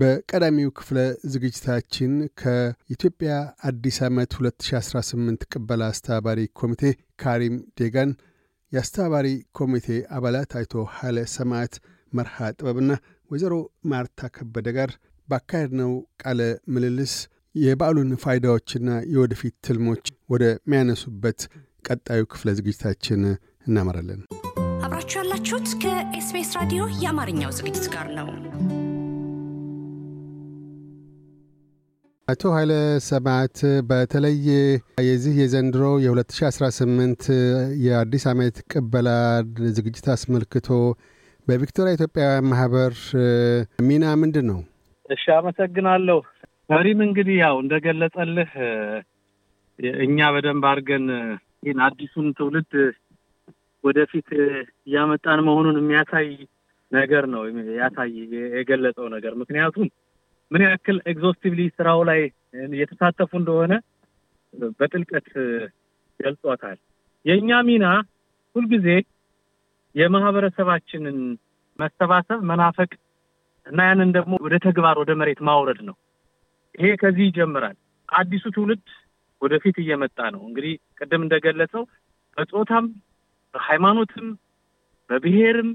በቀዳሚው ክፍለ ዝግጅታችን ከኢትዮጵያ አዲስ ዓመት 2018 ቅበላ አስተባባሪ ኮሚቴ ካሪም ዴጋን፣ የአስተባባሪ ኮሚቴ አባላት አይቶ ኃይለ ሰማዕት መርሃ ጥበብና ወይዘሮ ማርታ ከበደ ጋር ነው ቃለ ምልልስ የበዓሉን ፋይዳዎችና የወደፊት ትልሞች ወደሚያነሱበት ቀጣዩ ክፍለ ዝግጅታችን እናመራለን። አብራችሁ ያላችሁት ከኤስቢኤስ ራዲዮ የአማርኛው ዝግጅት ጋር ነው። አቶ ኃይለ ሰማት በተለይ የዚህ የዘንድሮ የ2018 የአዲስ ዓመት ቅበላ ዝግጅት አስመልክቶ በቪክቶሪያ ኢትዮጵያውያን ማህበር ሚና ምንድን ነው? እሺ፣ አመሰግናለሁ። መሪም እንግዲህ ያው እንደገለጸልህ እኛ በደንብ አድርገን ይህን አዲሱን ትውልድ ወደፊት እያመጣን መሆኑን የሚያሳይ ነገር ነው ያሳይ የገለጸው ነገር ምክንያቱም ምን ያክል ኤግዞስቲቭሊ ስራው ላይ የተሳተፉ እንደሆነ በጥልቀት ገልጿታል። የእኛ ሚና ሁልጊዜ የማህበረሰባችንን መሰባሰብ መናፈቅ እና ያንን ደግሞ ወደ ተግባር ወደ መሬት ማውረድ ነው። ይሄ ከዚህ ይጀምራል። አዲሱ ትውልድ ወደፊት እየመጣ ነው። እንግዲህ ቅድም እንደገለጸው በጾታም በሃይማኖትም በብሔርም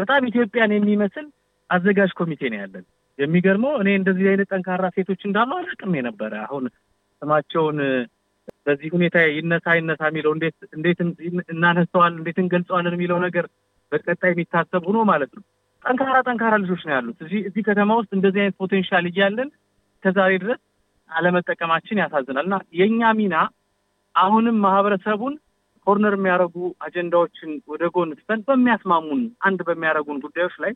በጣም ኢትዮጵያን የሚመስል አዘጋጅ ኮሚቴ ነው ያለን። የሚገርመው እኔ እንደዚህ አይነት ጠንካራ ሴቶች እንዳሉ አላውቅም የነበረ። አሁን ስማቸውን በዚህ ሁኔታ ይነሳ ይነሳ የሚለው እንዴት እንዴት እናነሳዋል እንዴት እንገልጸዋለን የሚለው ነገር በቀጣይ የሚታሰብ ሆኖ ማለት ነው። ጠንካራ ጠንካራ ልጆች ነው ያሉት እዚህ እዚህ ከተማ ውስጥ እንደዚህ አይነት ፖቴንሻል እያለን ከዛሬ ድረስ አለመጠቀማችን ያሳዝናል። እና የእኛ ሚና አሁንም ማህበረሰቡን ኮርነር የሚያደርጉ አጀንዳዎችን ወደ ጎን ትተን በሚያስማሙን አንድ በሚያደርጉን ጉዳዮች ላይ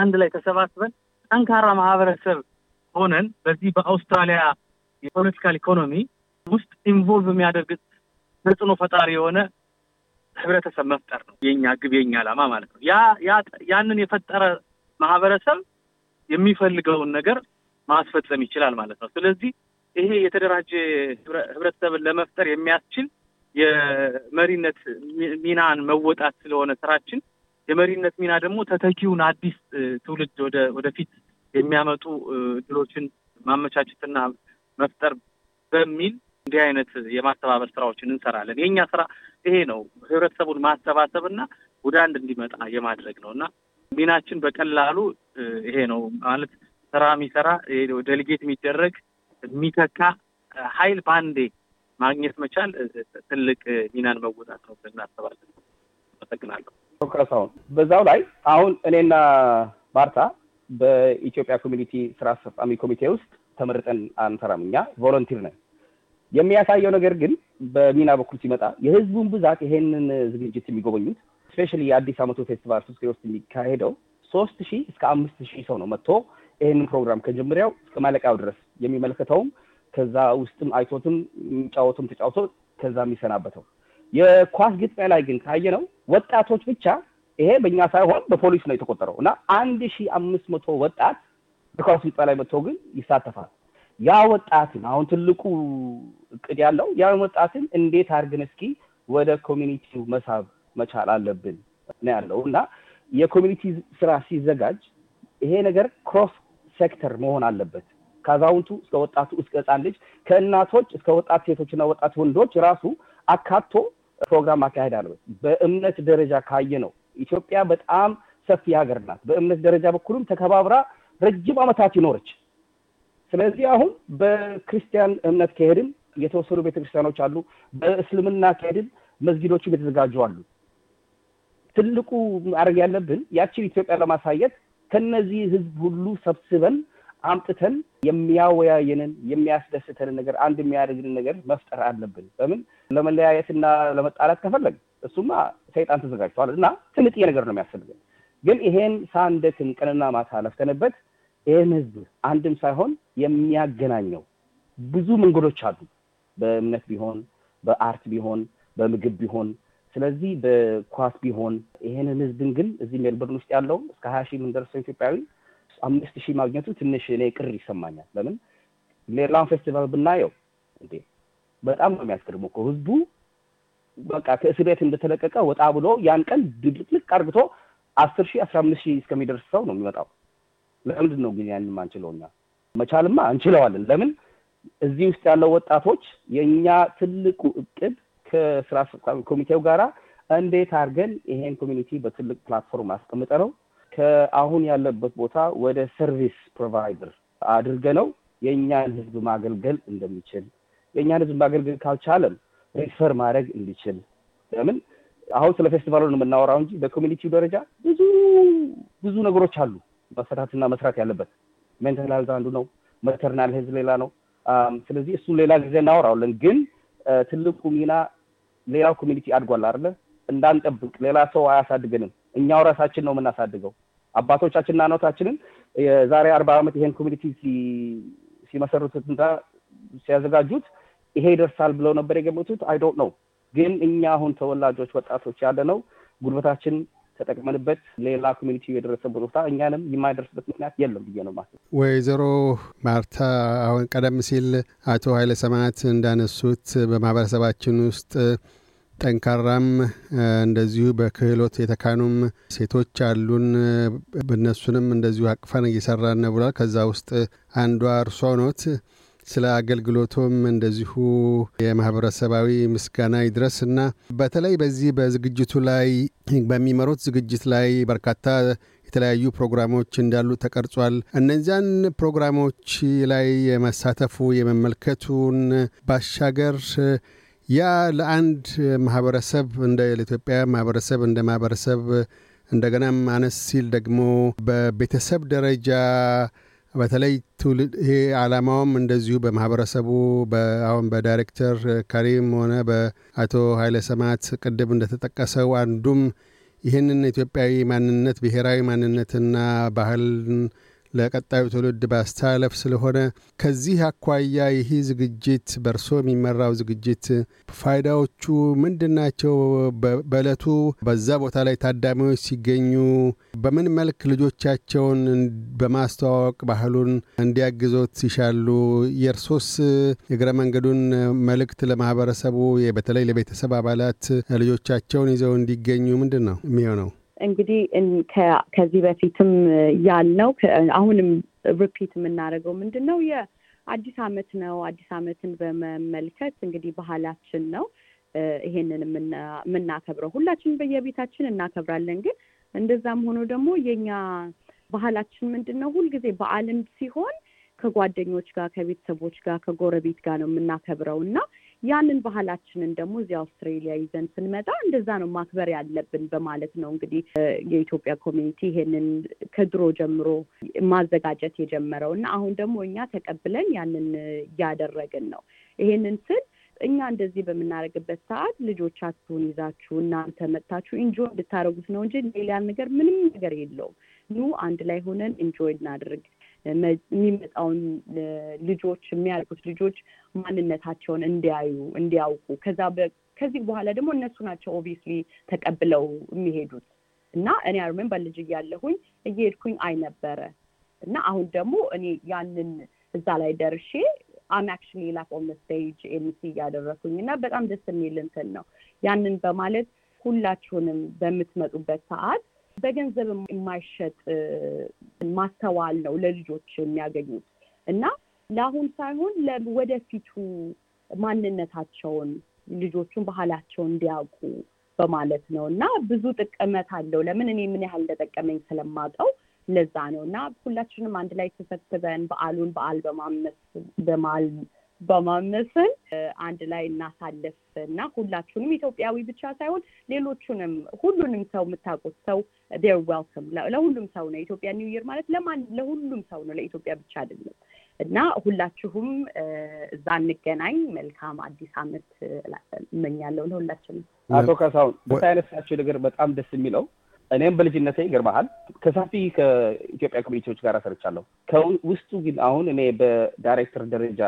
አንድ ላይ ተሰባስበን ጠንካራ ማህበረሰብ ሆነን በዚህ በአውስትራሊያ የፖለቲካል ኢኮኖሚ ውስጥ ኢንቮልቭ የሚያደርግ ተጽዕኖ ፈጣሪ የሆነ ህብረተሰብ መፍጠር ነው የኛ ግብ የኛ ዓላማ ማለት ነው። ያ ያንን የፈጠረ ማህበረሰብ የሚፈልገውን ነገር ማስፈጸም ይችላል ማለት ነው። ስለዚህ ይሄ የተደራጀ ህብረተሰብን ለመፍጠር የሚያስችል የመሪነት ሚናን መወጣት ስለሆነ ስራችን የመሪነት ሚና ደግሞ ተተኪውን አዲስ ትውልድ ወደ ወደፊት የሚያመጡ እድሎችን ማመቻቸትና መፍጠር በሚል እንዲህ አይነት የማስተባበር ስራዎችን እንሰራለን። የእኛ ስራ ይሄ ነው፣ ህብረተሰቡን ማሰባሰብና ወደ አንድ እንዲመጣ የማድረግ ነው እና ሚናችን በቀላሉ ይሄ ነው ማለት ስራ የሚሰራ ደልጌት የሚደረግ የሚተካ ኃይል በአንዴ ማግኘት መቻል ትልቅ ሚናን መወጣት ነው ብለን እናስባለን። አመሰግናለሁ። ካሳሁን በዛው ላይ አሁን እኔና ማርታ በኢትዮጵያ ኮሚኒቲ ስራ አስፈጻሚ ኮሚቴ ውስጥ ተመርጠን አንሰራም። እኛ ቮለንቲር ነን። የሚያሳየው ነገር ግን በሚና በኩል ሲመጣ የህዝቡን ብዛት ይሄንን ዝግጅት የሚጎበኙት ስፔሻሊ የአዲስ አመቱ ፌስቲቫል ሱስቴ ውስጥ የሚካሄደው ሶስት ሺህ እስከ አምስት ሺህ ሰው ነው መጥቶ ይሄንን ፕሮግራም ከጀምሪያው እስከ ማለቂያው ድረስ የሚመለከተውም ከዛ ውስጥም አይቶትም የሚጫወቱም ተጫውቶ ከዛ የሚሰናበተው የኳስ ግጥሚያ ላይ ግን ካየ ነው ወጣቶች ብቻ ይሄ በእኛ ሳይሆን በፖሊስ ነው የተቆጠረው እና አንድ ሺ አምስት መቶ ወጣት በኳስ ግጥሚያ ላይ መጥቶ ግን ይሳተፋል። ያ ወጣትን አሁን ትልቁ እቅድ ያለው ያ ወጣትን እንዴት አድርገን እስኪ ወደ ኮሚኒቲው መሳብ መቻል አለብን ነው ያለው እና የኮሚኒቲ ስራ ሲዘጋጅ ይሄ ነገር ክሮስ ሴክተር መሆን አለበት። ከአዛውንቱ እስከ ወጣቱ እስከ ህፃን ልጅ ከእናቶች እስከ ወጣት ሴቶችና ወጣት ወንዶች ራሱ አካቶ ፕሮግራም ማካሄድ አለ። በእምነት ደረጃ ካየ ነው ኢትዮጵያ በጣም ሰፊ ሀገር ናት። በእምነት ደረጃ በኩልም ተከባብራ ረጅም ዓመታት ይኖረች። ስለዚህ አሁን በክርስቲያን እምነት ከሄድን የተወሰኑ ቤተክርስቲያኖች አሉ። በእስልምና ከሄድን መስጊዶቹም የተዘጋጁ አሉ። ትልቁ ማድረግ ያለብን ያችን ኢትዮጵያ ለማሳየት ከነዚህ ህዝብ ሁሉ ሰብስበን አምጥተን የሚያወያየንን የሚያስደስተንን ነገር አንድ የሚያደርግንን ነገር መፍጠር አለብን። ለምን ለመለያየትና ለመጣላት ከፈለግ እሱማ ሰይጣን ተዘጋጅተዋል። እና ትንጥዬ ነገር ነው የሚያስፈልገን። ግን ይሄን ሳንደክም ቀንና ማታ ለፍተንበት ይህን ህዝብ አንድም ሳይሆን የሚያገናኘው ብዙ መንገዶች አሉ። በእምነት ቢሆን፣ በአርት ቢሆን፣ በምግብ ቢሆን፣ ስለዚህ በኳስ ቢሆን ይህንን ህዝብን ግን እዚህ ሜልበርን ውስጥ ያለው እስከ ሀያ ሺህ የምንደርሰው ኢትዮጵያዊ አምስት ሺህ ማግኘቱ ትንሽ እኔ ቅር ይሰማኛል። ለምን ሜርላን ፌስቲቫል ብናየው እንዴ በጣም ነው የሚያስገርመው እኮ ህዝቡ በቃ ከእስር ቤት እንደተለቀቀ ወጣ ብሎ ያን ቀን ድልቅልቅ አርግቶ አስር ሺህ አስራ አምስት ሺህ እስከሚደርስ ሰው ነው የሚመጣው። ለምንድን ነው ግን ያንን ማንችለው? እኛ መቻልማ እንችለዋለን። ለምን እዚህ ውስጥ ያለው ወጣቶች የእኛ ትልቁ እቅድ ከስራ ኮሚቴው ጋራ እንዴት አድርገን ይሄን ኮሚኒቲ በትልቅ ፕላትፎርም አስቀምጠ ነው ከአሁን ያለበት ቦታ ወደ ሰርቪስ ፕሮቫይደር አድርገ ነው የእኛን ህዝብ ማገልገል እንደሚችል የእኛን ህዝብ ማገልገል ካልቻለም ሪፈር ማድረግ እንዲችል ለምን አሁን ስለ ፌስቲቫሉ ነው የምናወራው እንጂ በኮሚኒቲው ደረጃ ብዙ ብዙ ነገሮች አሉ መፈታትና መስራት ያለበት። ሜንታል ሄልዝ አንዱ ነው፣ መተርናል ሄልዝ ሌላ ነው። ስለዚህ እሱን ሌላ ጊዜ እናወራዋለን። ግን ትልቁ ሚና ሌላው ኮሚኒቲ አድጓል አለ እንዳንጠብቅ ሌላ ሰው አያሳድገንም፣ እኛው ራሳችን ነው የምናሳድገው። አባቶቻችንና አኖታችንን የዛሬ አርባ ዓመት ይሄን ኮሚኒቲ ሲመሰርቱትና ሲያዘጋጁት ይሄ ይደርሳል ብለው ነበር የገመቱት። አይ ዶንት ነው። ግን እኛ አሁን ተወላጆች ወጣቶች ያለ ነው ጉልበታችን ተጠቅመንበት ሌላ ኮሚኒቲ የደረሰበት ቦታ እኛንም የማይደርስበት ምክንያት የለም ብዬ ነው ማለት። ወይዘሮ ማርታ አሁን ቀደም ሲል አቶ ኃይለ ሰማያት እንዳነሱት በማህበረሰባችን ውስጥ ጠንካራም እንደዚሁ በክህሎት የተካኑም ሴቶች አሉን። እነሱንም እንደዚሁ አቅፋን እየሰራን ነው ብሏል። ከዛ ውስጥ አንዷ እርሶ ኖት። ስለ አገልግሎቶም እንደዚሁ የማህበረሰባዊ ምስጋና ይድረስ እና በተለይ በዚህ በዝግጅቱ ላይ በሚመሩት ዝግጅት ላይ በርካታ የተለያዩ ፕሮግራሞች እንዳሉ ተቀርጿል። እነዚያን ፕሮግራሞች ላይ የመሳተፉ የመመልከቱን ባሻገር ያ ለአንድ ማህበረሰብ እንደ ለኢትዮጵያ ማህበረሰብ እንደ ማህበረሰብ እንደገናም አነስ ሲል ደግሞ በቤተሰብ ደረጃ በተለይ ትውልድ ይሄ ዓላማውም እንደዚሁ በማህበረሰቡ አሁን በዳይሬክተር ካሪም ሆነ በአቶ ኃይለ ሰማት ቅድም እንደተጠቀሰው አንዱም ይህንን ኢትዮጵያዊ ማንነት ብሔራዊ ማንነትና ባህልን ለቀጣዩ ትውልድ ባስተላለፍ ስለሆነ ከዚህ አኳያ ይህ ዝግጅት በእርሶ የሚመራው ዝግጅት ፋይዳዎቹ ምንድናቸው? በዕለቱ በዛ ቦታ ላይ ታዳሚዎች ሲገኙ በምን መልክ ልጆቻቸውን በማስተዋወቅ ባህሉን እንዲያግዞት ይሻሉ? የእርሶስ እግረ መንገዱን መልእክት ለማህበረሰቡ በተለይ ለቤተሰብ አባላት ልጆቻቸውን ይዘው እንዲገኙ ምንድን ነው የሚሆነው? እንግዲህ ከዚህ በፊትም ያልነው አሁንም ሪፒት የምናደርገው ምንድን ነው የአዲስ አመት ነው። አዲስ አመትን በመመልከት እንግዲህ ባህላችን ነው ይሄንን የምናከብረው ሁላችን በየቤታችን እናከብራለን። ግን እንደዛም ሆኖ ደግሞ የኛ ባህላችን ምንድን ነው ሁልጊዜ በዓልን ሲሆን ከጓደኞች ጋር፣ ከቤተሰቦች ጋር፣ ከጎረቤት ጋር ነው የምናከብረው እና ያንን ባህላችንን ደግሞ እዚህ አውስትሬሊያ ይዘን ስንመጣ እንደዛ ነው ማክበር ያለብን በማለት ነው እንግዲህ የኢትዮጵያ ኮሚኒቲ ይሄንን ከድሮ ጀምሮ ማዘጋጀት የጀመረው እና አሁን ደግሞ እኛ ተቀብለን ያንን እያደረግን ነው። ይሄንን ስል እኛ እንደዚህ በምናደርግበት ሰዓት ልጆቻችሁን ይዛችሁ እናንተ መጥታችሁ ኢንጆይ እንድታደርጉት ነው እንጂ ሌላ ነገር ምንም ነገር የለውም። ኑ አንድ ላይ ሆነን ኢንጆይ እናድርግ የሚመጣውን ልጆች የሚያልቁት ልጆች ማንነታቸውን እንዲያዩ እንዲያውቁ ከዛ ከዚህ በኋላ ደግሞ እነሱ ናቸው ኦብቪስሊ ተቀብለው የሚሄዱት እና እኔ አርሜን በልጅ እያለሁኝ እየሄድኩኝ አይ ነበረ እና አሁን ደግሞ እኔ ያንን እዛ ላይ ደርሼ አም አክቹሊ ላፍ ኦን ስቴጅ ኤምሲ እያደረኩኝ እና በጣም ደስ የሚል እንትን ነው። ያንን በማለት ሁላችሁንም በምትመጡበት ሰዓት በገንዘብ የማይሸጥ ማስተዋል ነው ለልጆች የሚያገኙት እና ለአሁን ሳይሆን ወደፊቱ ማንነታቸውን ልጆቹን ባህላቸውን እንዲያውቁ በማለት ነው እና ብዙ ጥቅመት አለው። ለምን እኔ ምን ያህል እንደጠቀመኝ ስለማውቀው ለዛ ነው እና ሁላችንም አንድ ላይ ተሰብስበን በዓሉን በዓል በማመስ በማል በማመስል አንድ ላይ እናሳልፍ እና ሁላችሁንም ኢትዮጵያዊ ብቻ ሳይሆን ሌሎቹንም ሁሉንም ሰው የምታውቁት ሰው ር ዌልካም ለሁሉም ሰው ነው። የኢትዮጵያ ኒው ይር ማለት ለማን ለሁሉም ሰው ነው፣ ለኢትዮጵያ ብቻ አይደለም። እና ሁላችሁም እዛ እንገናኝ። መልካም አዲስ ዓመት እመኛለሁ ለሁላችንም። አቶ ካሳሁን ብታይነሳቸው ነገር በጣም ደስ የሚለው እኔም በልጅነቴ ይገርመሃል ከሰፊ ከኢትዮጵያ ኮሚኒቲዎች ጋር ሰርቻለሁ። ከውስጡ ግን አሁን እኔ በዳይሬክተር ደረጃ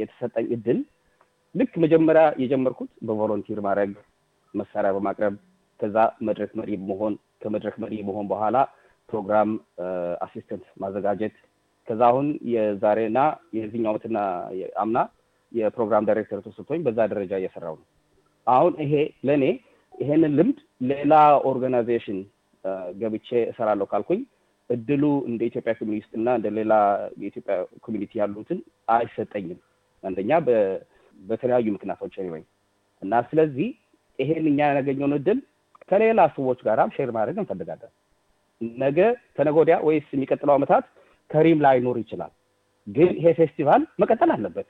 የተሰጠኝ እድል ልክ መጀመሪያ የጀመርኩት በቮሎንቲር ማድረግ መሳሪያ በማቅረብ ከዛ መድረክ መሪ መሆን ከመድረክ መሪ መሆን በኋላ ፕሮግራም አሲስተንት ማዘጋጀት ከዛ አሁን የዛሬና የዚኛው ዓመትና አምና የፕሮግራም ዳይሬክተር ተሰጥቶኝ በዛ ደረጃ እየሰራው ነው። አሁን ይሄ ለእኔ ይሄንን ልምድ ሌላ ኦርጋናይዜሽን ገብቼ እሰራለሁ ካልኩኝ እድሉ እንደ ኢትዮጵያ ኮሚኒስት እና እንደ ሌላ የኢትዮጵያ ኮሚኒቲ ያሉትን አይሰጠኝም። አንደኛ በተለያዩ ምክንያቶች ወይ እና ስለዚህ ይሄን እኛ ያገኘውን እድል ከሌላ ሰዎች ጋራም ሼር ማድረግ እንፈልጋለን። ነገ ተነጎዲያ ወይስ የሚቀጥለው ዓመታት ከሪም ላይኖር ይችላል። ግን ይሄ ፌስቲቫል መቀጠል አለበት።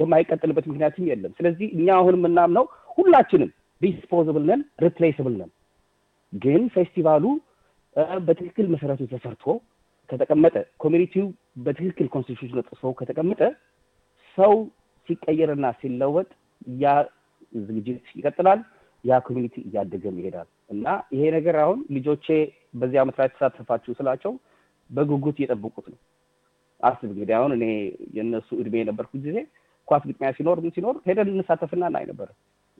የማይቀጥልበት ምክንያትም የለም። ስለዚህ እኛ አሁን የምናምነው ሁላችንም ዲስፖዝብል ነን፣ ሪፕሌስብል ነን። ግን ፌስቲቫሉ በትክክል መሰረቱ ተሰርቶ ከተቀመጠ ኮሚኒቲው በትክክል ኮንስቲቱሽን ጥሶ ከተቀመጠ ሰው ሲቀየርና ሲለወጥ ያ ዝግጅት ይቀጥላል፣ ያ ኮሚኒቲ እያደገም ይሄዳል እና ይሄ ነገር አሁን ልጆቼ በዚህ ዓመት ላይ ተሳተፋችሁ ስላቸው በጉጉት እየጠበቁት ነው። አስብ እንግዲህ አሁን እኔ የእነሱ እድሜ የነበርኩት ጊዜ ኳስ ግጥሚያ ሲኖር ሲኖር ሄደን እንሳተፍና እናይ ነበር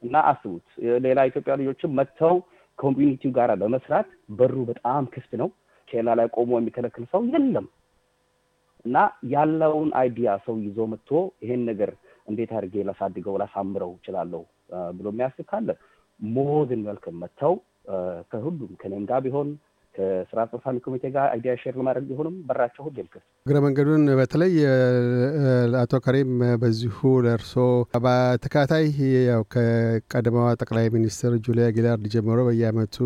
እና አስቡት ሌላ ኢትዮጵያ ልጆችም መጥተው ከኮሚኒቲው ጋር በመስራት በሩ በጣም ክፍት ነው። ኬላ ላይ ቆሞ የሚከለክል ሰው የለም እና ያለውን አይዲያ ሰው ይዞ መጥቶ ይሄን ነገር እንዴት አድርጌ ላሳድገው ላሳምረው እችላለሁ ብሎ የሚያስብ ካለ ሞዝን መልክም መጥተው ከሁሉም ከኔም ጋር ቢሆን ከስራ አስፈጻሚ ኮሚቴ ጋር አይዲያ ሼር ለማድረግ ቢሆንም በራቸው ሁሌም ክፍት። እግረ መንገዱን በተለይ አቶ ከሪም በዚሁ ለእርሶ በተከታታይ ያው ከቀድሞዋ ጠቅላይ ሚኒስትር ጁሊያ ጊላርድ ጀምሮ በየአመቱ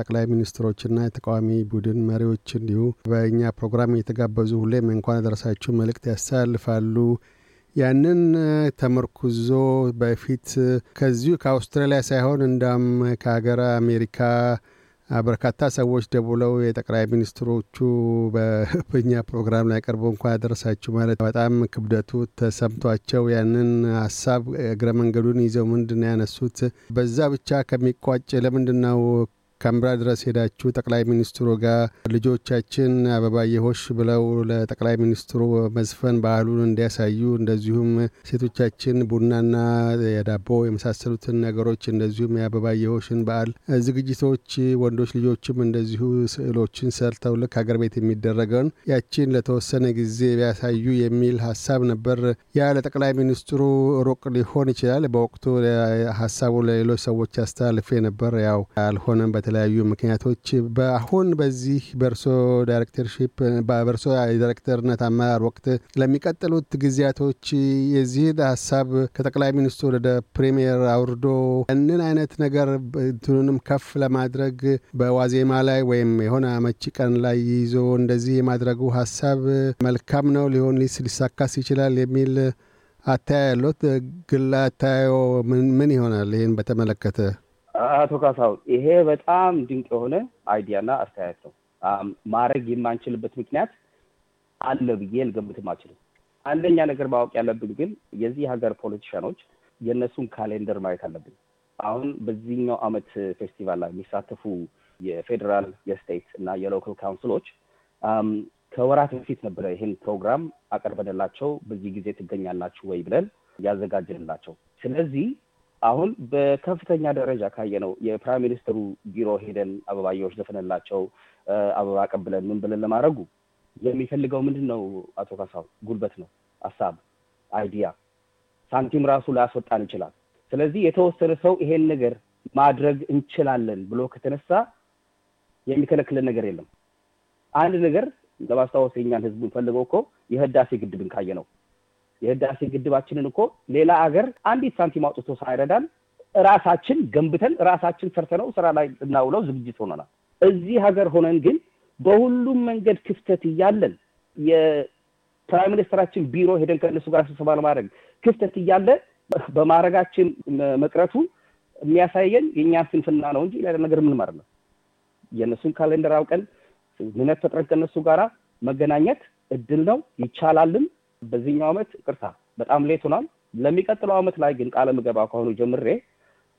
ጠቅላይ ሚኒስትሮችና የተቃዋሚ ቡድን መሪዎች እንዲሁ በእኛ ፕሮግራም የተጋበዙ ሁሌም እንኳን ደረሳችሁ መልእክት ያስተላልፋሉ። ያንን ተመርኩዞ በፊት ከዚሁ ከአውስትራሊያ ሳይሆን እንዳም ከሀገር አሜሪካ በርካታ ሰዎች ደውለው የጠቅላይ ሚኒስትሮቹ በኛ ፕሮግራም ላይ ቀርቦ እንኳ ያደረሳችሁ ማለት በጣም ክብደቱ ተሰምቷቸው ያንን ሀሳብ እግረ መንገዱን ይዘው ምንድን ያነሱት በዛ ብቻ ከሚቋጭ ለምንድን ነው ካምብራ ድረስ ሄዳችሁ ጠቅላይ ሚኒስትሩ ጋር ልጆቻችን አበባየሆሽ ብለው ለጠቅላይ ሚኒስትሩ መዝፈን ባህሉን እንዲያሳዩ እንደዚሁም ሴቶቻችን ቡናና የዳቦ የመሳሰሉትን ነገሮች እንደዚሁም የአበባየሆሽን በዓል ዝግጅቶች ወንዶች ልጆችም እንደዚሁ ስዕሎችን ሰርተው ልክ ሀገር ቤት የሚደረገውን ያችን ለተወሰነ ጊዜ ቢያሳዩ የሚል ሀሳብ ነበር። ያ ለጠቅላይ ሚኒስትሩ ሩቅ ሊሆን ይችላል። በወቅቱ ሀሳቡ ለሌሎች ሰዎች አስተላልፌ ነበር። ያው አልሆነም። በተለያዩ ምክንያቶች በአሁን በዚህ በእርሶ ዳይሬክተርሺፕ በእርሶ የዳይሬክተርነት አመራር ወቅት ለሚቀጥሉት ጊዜያቶች የዚህን ሀሳብ ከጠቅላይ ሚኒስትሩ ወደ ፕሬምየር አውርዶ ያንን አይነት ነገር እንትኑንም ከፍ ለማድረግ በዋዜማ ላይ ወይም የሆነ አመቺ ቀን ላይ ይዞ እንደዚህ የማድረጉ ሀሳብ መልካም ነው ሊሆን ሊስ ሊሳካስ ይችላል የሚል አታያ ያለት ግላ አታያዮ ምን ይሆናል? ይህን በተመለከተ አቶ ካሳው ይሄ በጣም ድንቅ የሆነ አይዲያና አስተያየት ነው። ማድረግ የማንችልበት ምክንያት አለ ብዬ ልገምትም አልችልም። አንደኛ ነገር ማወቅ ያለብን ግን የዚህ ሀገር ፖለቲሽያኖች የእነሱን ካሌንደር ማየት አለብን። አሁን በዚህኛው አመት ፌስቲቫል ላይ የሚሳተፉ የፌዴራል የስቴት እና የሎካል ካውንስሎች ከወራት በፊት ነበረ ይህን ፕሮግራም አቀርበንላቸው በዚህ ጊዜ ትገኛላችሁ ወይ ብለን ያዘጋጀንላቸው። ስለዚህ አሁን በከፍተኛ ደረጃ ካየ ነው የፕራይም ሚኒስትሩ ቢሮ ሄደን አበባየዎች ዘፈነላቸው አበባ ቀብለን ምን ብለን ለማድረጉ የሚፈልገው ምንድን ነው? አቶ ካሳው ጉልበት ነው፣ ሀሳብ፣ አይዲያ፣ ሳንቲም ራሱ ላያስወጣን ይችላል። ስለዚህ የተወሰነ ሰው ይሄን ነገር ማድረግ እንችላለን ብሎ ከተነሳ የሚከለክለን ነገር የለም። አንድ ነገር ለማስታወስ የኛን ህዝቡን ፈልገው እኮ የህዳሴ ግድብን ካየ ነው የህዳሴ ግድባችንን እኮ ሌላ አገር አንዲት ሳንቲም አውጥቶ ሳይረዳን ራሳችን ገንብተን ራሳችን ሰርተነው ስራ ላይ እናውለው ዝግጅት ሆነናል። እዚህ ሀገር ሆነን ግን በሁሉም መንገድ ክፍተት እያለን የፕራይም ሚኒስትራችን ቢሮ ሄደን ከእነሱ ጋር ስብሰባ ለማድረግ ክፍተት እያለ በማድረጋችን መቅረቱ የሚያሳየን የእኛን ስንፍና ነው እንጂ ሌላ ነገር ምን ማለት ነው? የእነሱን ካሌንደር አውቀን ምነት ፈጥረን ከእነሱ ጋራ መገናኘት እድል ነው፣ ይቻላልም። በዚህኛው ዓመት ቅርታ በጣም ሌት ሆኗል። ለሚቀጥለው ዓመት ላይ ግን ቃለ ምገባ ከሆኑ ጀምሬ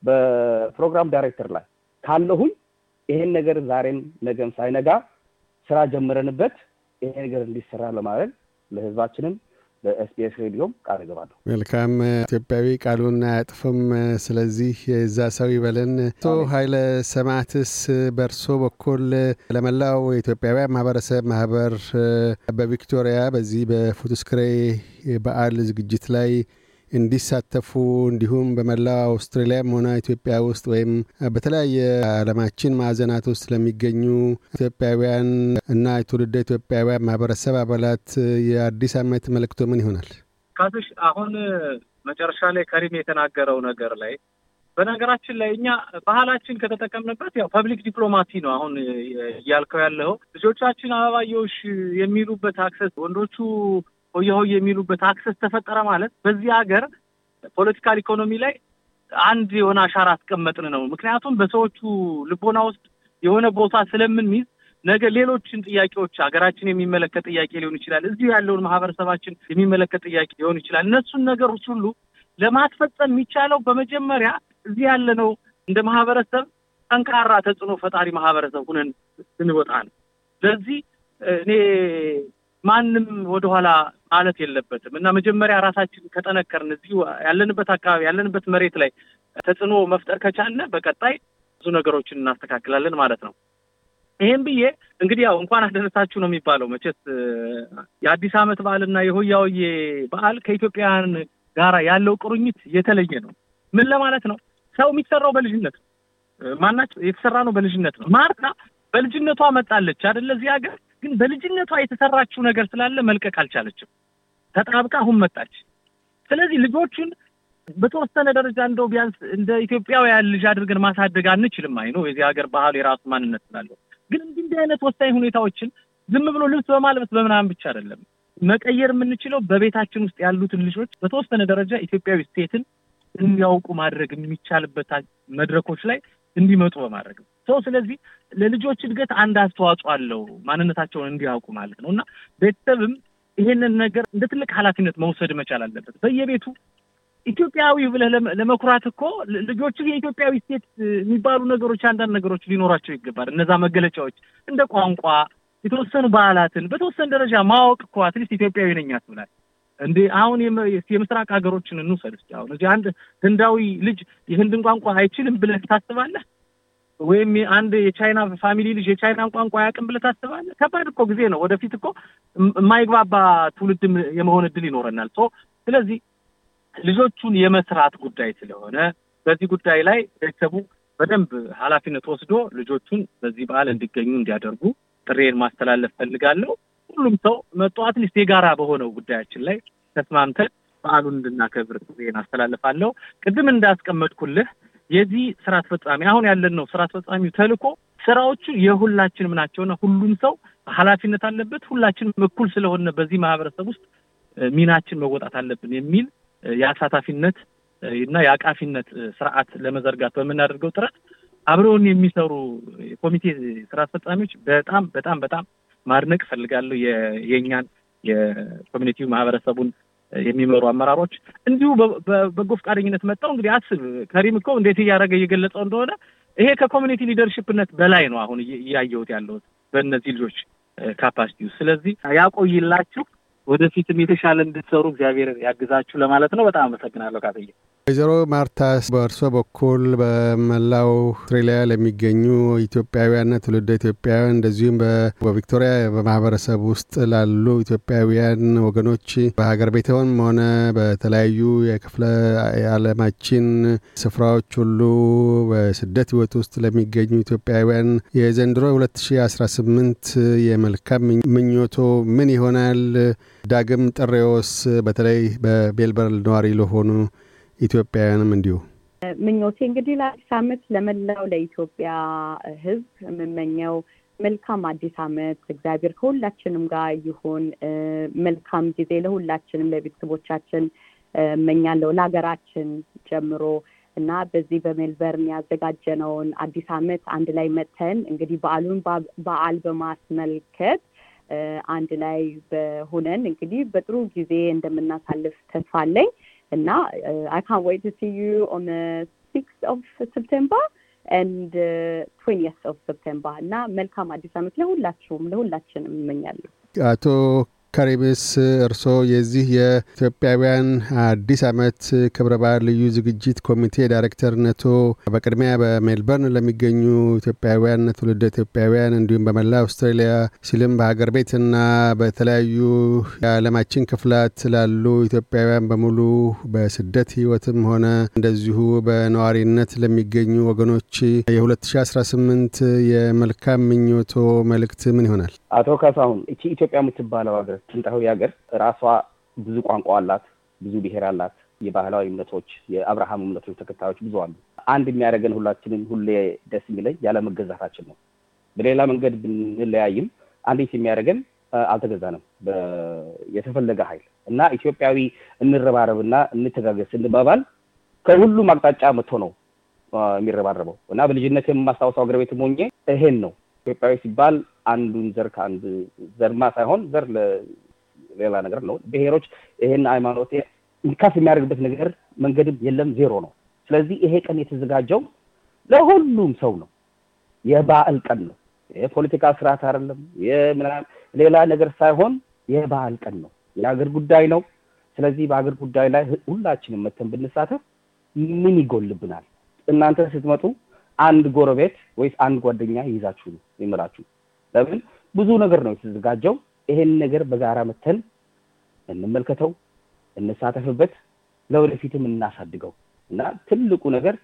በፕሮግራም ዳይሬክተር ላይ ካለሁኝ ይሄን ነገር ዛሬም ነገም ሳይነጋ ስራ ጀምረንበት ይሄ ነገር እንዲሰራ ለማድረግ ለህዝባችንም በኤስቢኤስ ሬዲዮም ቃል እገባለሁ። መልካም ኢትዮጵያዊ ቃሉን አያጥፍም። ስለዚህ የዛ ሰው ይበለን። አቶ ኃይለ ሰማዕትስ በእርሶ በኩል ለመላው የኢትዮጵያውያን ማህበረሰብ ማህበር በቪክቶሪያ በዚህ በፉትስክሬ በዓል ዝግጅት ላይ እንዲሳተፉ እንዲሁም በመላው አውስትራሊያም ሆነ ኢትዮጵያ ውስጥ ወይም በተለያየ ዓለማችን ማዕዘናት ውስጥ ለሚገኙ ኢትዮጵያውያን እና የትውልደ ኢትዮጵያውያን ማህበረሰብ አባላት የአዲስ ዓመት መልእክቶ ምን ይሆናል? ካስሽ አሁን መጨረሻ ላይ ከሪም የተናገረው ነገር ላይ በነገራችን ላይ እኛ ባህላችን ከተጠቀምንበት ያው ፐብሊክ ዲፕሎማሲ ነው። አሁን እያልከው ያለው ልጆቻችን አበባየውሽ የሚሉበት አክሰስ ወንዶቹ ሆየ የሚሉበት አክሰስ ተፈጠረ ማለት በዚህ ሀገር ፖለቲካል ኢኮኖሚ ላይ አንድ የሆነ አሻራ አስቀመጥን ነው። ምክንያቱም በሰዎቹ ልቦና ውስጥ የሆነ ቦታ ስለምንይዝ ነገ ሌሎችን ጥያቄዎች ሀገራችን የሚመለከት ጥያቄ ሊሆን ይችላል፣ እዚሁ ያለውን ማህበረሰባችን የሚመለከት ጥያቄ ሊሆን ይችላል። እነሱን ነገሮች ሁሉ ለማስፈጸም የሚቻለው በመጀመሪያ እዚህ ያለነው እንደ ማህበረሰብ ጠንካራ ተጽዕኖ ፈጣሪ ማህበረሰብ ሁነን ስንወጣ ነው። ስለዚህ እኔ ማንም ወደኋላ ማለት የለበትም እና መጀመሪያ ራሳችን ከጠነከርን እዚሁ ያለንበት አካባቢ ያለንበት መሬት ላይ ተጽዕኖ መፍጠር ከቻለ በቀጣይ ብዙ ነገሮችን እናስተካክላለን ማለት ነው። ይህም ብዬ እንግዲህ ያው እንኳን አደረሳችሁ ነው የሚባለው። መቼስ የአዲስ ዓመት በዓልና የሆያውዬ በዓል ከኢትዮጵያውያን ጋራ ያለው ቁርኝት የተለየ ነው። ምን ለማለት ነው? ሰው የሚሰራው በልጅነት ማናቸው የተሰራ ነው፣ በልጅነት ነው። ማርታ በልጅነቷ መጣለች አደለ እዚህ ሀገር ግን በልጅነቷ የተሰራችው ነገር ስላለ መልቀቅ አልቻለችም። ተጣብቃ አሁን መጣች። ስለዚህ ልጆቹን በተወሰነ ደረጃ እንደው ቢያንስ እንደ ኢትዮጵያውያን ልጅ አድርገን ማሳደግ አንችልም። አይ ነው የዚህ ሀገር ባህል የራሱ ማንነት ስላለው፣ ግን እንዲህ እንዲህ አይነት ወሳኝ ሁኔታዎችን ዝም ብሎ ልብስ በማልበስ በምናምን ብቻ አይደለም መቀየር የምንችለው በቤታችን ውስጥ ያሉትን ልጆች በተወሰነ ደረጃ ኢትዮጵያዊ ስቴትን እንዲያውቁ ማድረግ የሚቻልበት መድረኮች ላይ እንዲመጡ በማድረግ ነው። ሰው ስለዚህ ለልጆች እድገት አንድ አስተዋጽኦ አለው ማንነታቸውን እንዲያውቁ ማለት ነው እና ቤተሰብም ይሄንን ነገር እንደ ትልቅ ኃላፊነት መውሰድ መቻል አለበት። በየቤቱ ኢትዮጵያዊ ብለህ ለመኩራት እኮ ልጆች የኢትዮጵያዊ ሴት የሚባሉ ነገሮች አንዳንድ ነገሮች ሊኖራቸው ይገባል። እነዛ መገለጫዎች እንደ ቋንቋ፣ የተወሰኑ ባህላትን በተወሰነ ደረጃ ማወቅ እኮ አትሊስት ኢትዮጵያዊ ነኝ አትብላል። እንደ አሁን የምስራቅ ሀገሮችን እንውሰድ። አሁን እዚህ አንድ ህንዳዊ ልጅ የህንድን ቋንቋ አይችልም ብለህ ታስባለህ? ወይም አንድ የቻይና ፋሚሊ ልጅ የቻይናን ቋንቋ አያውቅም ብለህ ታስባለህ? ከባድ እኮ ጊዜ ነው። ወደፊት እኮ የማይግባባ ትውልድም የመሆን እድል ይኖረናል። ስለዚህ ልጆቹን የመስራት ጉዳይ ስለሆነ በዚህ ጉዳይ ላይ ቤተሰቡ በደንብ ኃላፊነት ወስዶ ልጆቹን በዚህ በዓል እንዲገኙ እንዲያደርጉ ጥሬን ማስተላለፍ ፈልጋለሁ። ሁሉም ሰው መጥቶ አትሊስት የጋራ በሆነው ጉዳያችን ላይ ተስማምተን በዓሉን እንድናከብር ጥሬን አስተላልፋለሁ። ቅድም እንዳስቀመጥኩልህ የዚህ ስራ አስፈጻሚ አሁን ያለን ነው ስራ አስፈጻሚው ተልኮ ስራዎቹ የሁላችንም ናቸውና ሁሉም ሰው ኃላፊነት አለበት። ሁላችንም እኩል ስለሆነ በዚህ ማህበረሰብ ውስጥ ሚናችን መወጣት አለብን የሚል የአሳታፊነት እና የአቃፊነት ስርዓት ለመዘርጋት በምናደርገው ጥረት አብረውን የሚሰሩ የኮሚቴ ስራ አስፈጻሚዎች በጣም በጣም በጣም ማድነቅ እፈልጋለሁ። የእኛን የኮሚኒቲው ማህበረሰቡን የሚመሩ አመራሮች እንዲሁ በጎ ፈቃደኝነት መጣው። እንግዲህ አስብ ከሪም እኮ እንዴት እያደረገ እየገለጸው እንደሆነ ይሄ ከኮሚኒቲ ሊደርሽፕነት በላይ ነው አሁን እያየሁት ያለሁት በእነዚህ ልጆች ካፓሲቲ ውስጥ። ስለዚህ ያቆይላችሁ፣ ወደፊትም የተሻለ እንድትሰሩ እግዚአብሔር ያግዛችሁ ለማለት ነው። በጣም አመሰግናለሁ ካተየ ወይዘሮ ማርታስ በእርሶ በኩል በመላው አውስትሬሊያ ለሚገኙ ኢትዮጵያውያንና ትውልደ ኢትዮጵያውያን እንደዚሁም በቪክቶሪያ በማህበረሰብ ውስጥ ላሉ ኢትዮጵያውያን ወገኖች በሀገር ቤተውን ሆነ በተለያዩ የክፍለ ዓለማችን ስፍራዎች ሁሉ በስደት ህይወት ውስጥ ለሚገኙ ኢትዮጵያውያን የዘንድሮ 2018 የመልካም ምኞቶ ምን ይሆናል? ዳግም ጥሬዎስ በተለይ በሜልበርን ነዋሪ ለሆኑ ኢትዮጵያውያንም እንዲሁ ምኞቴ እንግዲህ ለአዲስ ዓመት ለመላው ለኢትዮጵያ ሕዝብ የምመኘው መልካም አዲስ ዓመት እግዚአብሔር ከሁላችንም ጋር ይሁን። መልካም ጊዜ ለሁላችንም ለቤተሰቦቻችን እመኛለሁ፣ ለሀገራችን ጀምሮ እና በዚህ በሜልበርን ያዘጋጀነውን አዲስ ዓመት አንድ ላይ መተን እንግዲህ በዓሉን በዓል በማስመልከት አንድ ላይ በሆነን እንግዲህ በጥሩ ጊዜ እንደምናሳልፍ ተስፋ አለኝ። And now uh, I can't wait to see you on the 6th of September and 20th uh, of September እና መልካም to ዓመት ለሁላችሁም ለሁላችንም እመኛለሁ። አቶ ካሪቤስ እርስዎ የዚህ የኢትዮጵያውያን አዲስ ዓመት ክብረ በዓል ልዩ ዝግጅት ኮሚቴ ዳይሬክተርነቶ በቅድሚያ በሜልበርን ለሚገኙ ኢትዮጵያውያን ትውልደ ኢትዮጵያውያን እንዲሁም በመላ አውስትራሊያ ሲልም በሀገር ቤትና በተለያዩ የዓለማችን ክፍላት ላሉ ኢትዮጵያውያን በሙሉ በስደት ህይወትም ሆነ እንደዚሁ በነዋሪነት ለሚገኙ ወገኖች የ2018 የመልካም ምኞቶ መልእክት ምን ይሆናል? አቶ ካሳሁን እቺ ኢትዮጵያ የምትባለው ሀገር ጥንታዊ ሀገር ራሷ ብዙ ቋንቋ አላት፣ ብዙ ብሔር አላት። የባህላዊ እምነቶች፣ የአብርሃም እምነቶች ተከታዮች ብዙ አሉ። አንድ የሚያደርገን ሁላችንም ሁሌ ደስ የሚለኝ ያለመገዛታችን ነው። በሌላ መንገድ ብንለያይም አንዴት የሚያደርገን አልተገዛንም የተፈለገ ኃይል እና ኢትዮጵያዊ እንረባረብና እንተጋገዝ ስንባባል ከሁሉም አቅጣጫ መጥቶ ነው የሚረባረበው እና በልጅነት የማስታወሰው አገር ቤት ሞኜ ይሄን ነው ኢትዮጵያዊ ሲባል አንዱን ዘር ከአንድ ዘርማ ሳይሆን ዘር ሌላ ነገር ነው። ብሔሮች ይሄን ሃይማኖት ከፍ የሚያደርግበት ነገር መንገድም የለም፣ ዜሮ ነው። ስለዚህ ይሄ ቀን የተዘጋጀው ለሁሉም ሰው ነው። የበዓል ቀን ነው። የፖለቲካ ስርዓት አይደለም፣ ሌላ ነገር ሳይሆን የበዓል ቀን ነው። የሀገር ጉዳይ ነው። ስለዚህ በሀገር ጉዳይ ላይ ሁላችንም መተን ብንሳተፍ ምን ይጎልብናል? እናንተ ስትመጡ አንድ ጎረቤት ወይስ አንድ ጓደኛ ይይዛችሁ ነው ይምራችሁ ለምን ብዙ ነገር ነው የተዘጋጀው። ይሄን ነገር በጋራ መተን እንመልከተው፣ እንሳተፍበት፣ ለወደፊትም እናሳድገው እና ትልቁ ነገር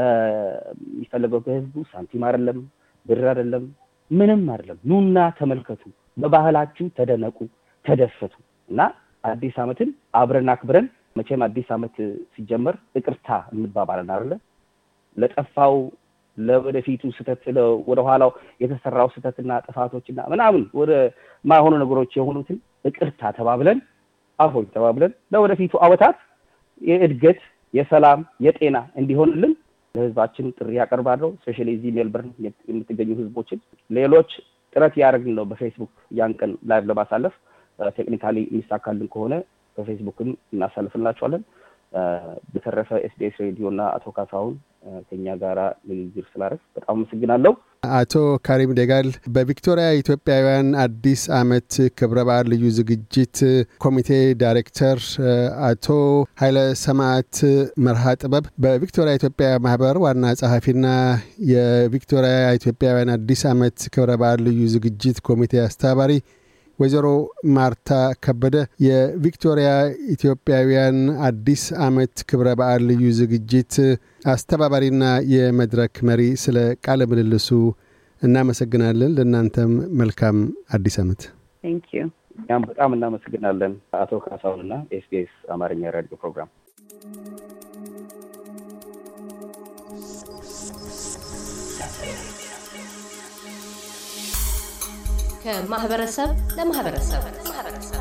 የሚፈለገው ከህዝቡ ሳንቲም አይደለም፣ ብር አይደለም፣ ምንም አይደለም። ኑና ተመልከቱ፣ በባህላችሁ ተደነቁ፣ ተደሰቱ እና አዲስ ዓመትን አብረን አክብረን መቼም አዲስ ዓመት ሲጀመር ይቅርታ እንባባለን አለ ለጠፋው ለወደፊቱ ስህተት ወደኋላው የተሰራው ስህተትና ጥፋቶችና ምናምን ወደ ማይሆኑ ነገሮች የሆኑትን እቅርታ ተባብለን አፎይ ተባብለን ለወደፊቱ አወታት የእድገት የሰላም የጤና እንዲሆንልን ለህዝባችን ጥሪ ያቀርባለው ስፔሻሊ እዚህ ሜልበርን የምትገኙ ህዝቦችን ሌሎች ጥረት ያደርግን ነው። በፌስቡክ ያን ቀን ላይቭ ለማሳለፍ ቴክኒካሊ የሚሳካልን ከሆነ በፌስቡክም እናሳልፍላቸዋለን። በተረፈ ኤስቢኤስ ሬዲዮ እና አቶ ካሳሁን ከኛ ጋራ ንግግር ስላረግ በጣም አመሰግናለሁ። አቶ ካሪም ደጋል በቪክቶሪያ ኢትዮጵያውያን አዲስ ዓመት ክብረ በዓል ልዩ ዝግጅት ኮሚቴ ዳይሬክተር፣ አቶ ኃይለ ሰማዕት መርሃ ጥበብ በቪክቶሪያ ኢትዮጵያ ማህበር ዋና ጸሐፊና የቪክቶሪያ ኢትዮጵያውያን አዲስ ዓመት ክብረ በዓል ልዩ ዝግጅት ኮሚቴ አስተባባሪ ወይዘሮ ማርታ ከበደ የቪክቶሪያ ኢትዮጵያውያን አዲስ ዓመት ክብረ በዓል ልዩ ዝግጅት አስተባባሪና የመድረክ መሪ፣ ስለ ቃለ ምልልሱ እናመሰግናለን። ለእናንተም መልካም አዲስ ዓመት። እኛም በጣም እናመሰግናለን አቶ ካሳሁንና ኤስቢኤስ አማርኛ ራዲዮ ፕሮግራም Yeah. ከማህበረሰብ ለማህበረሰብ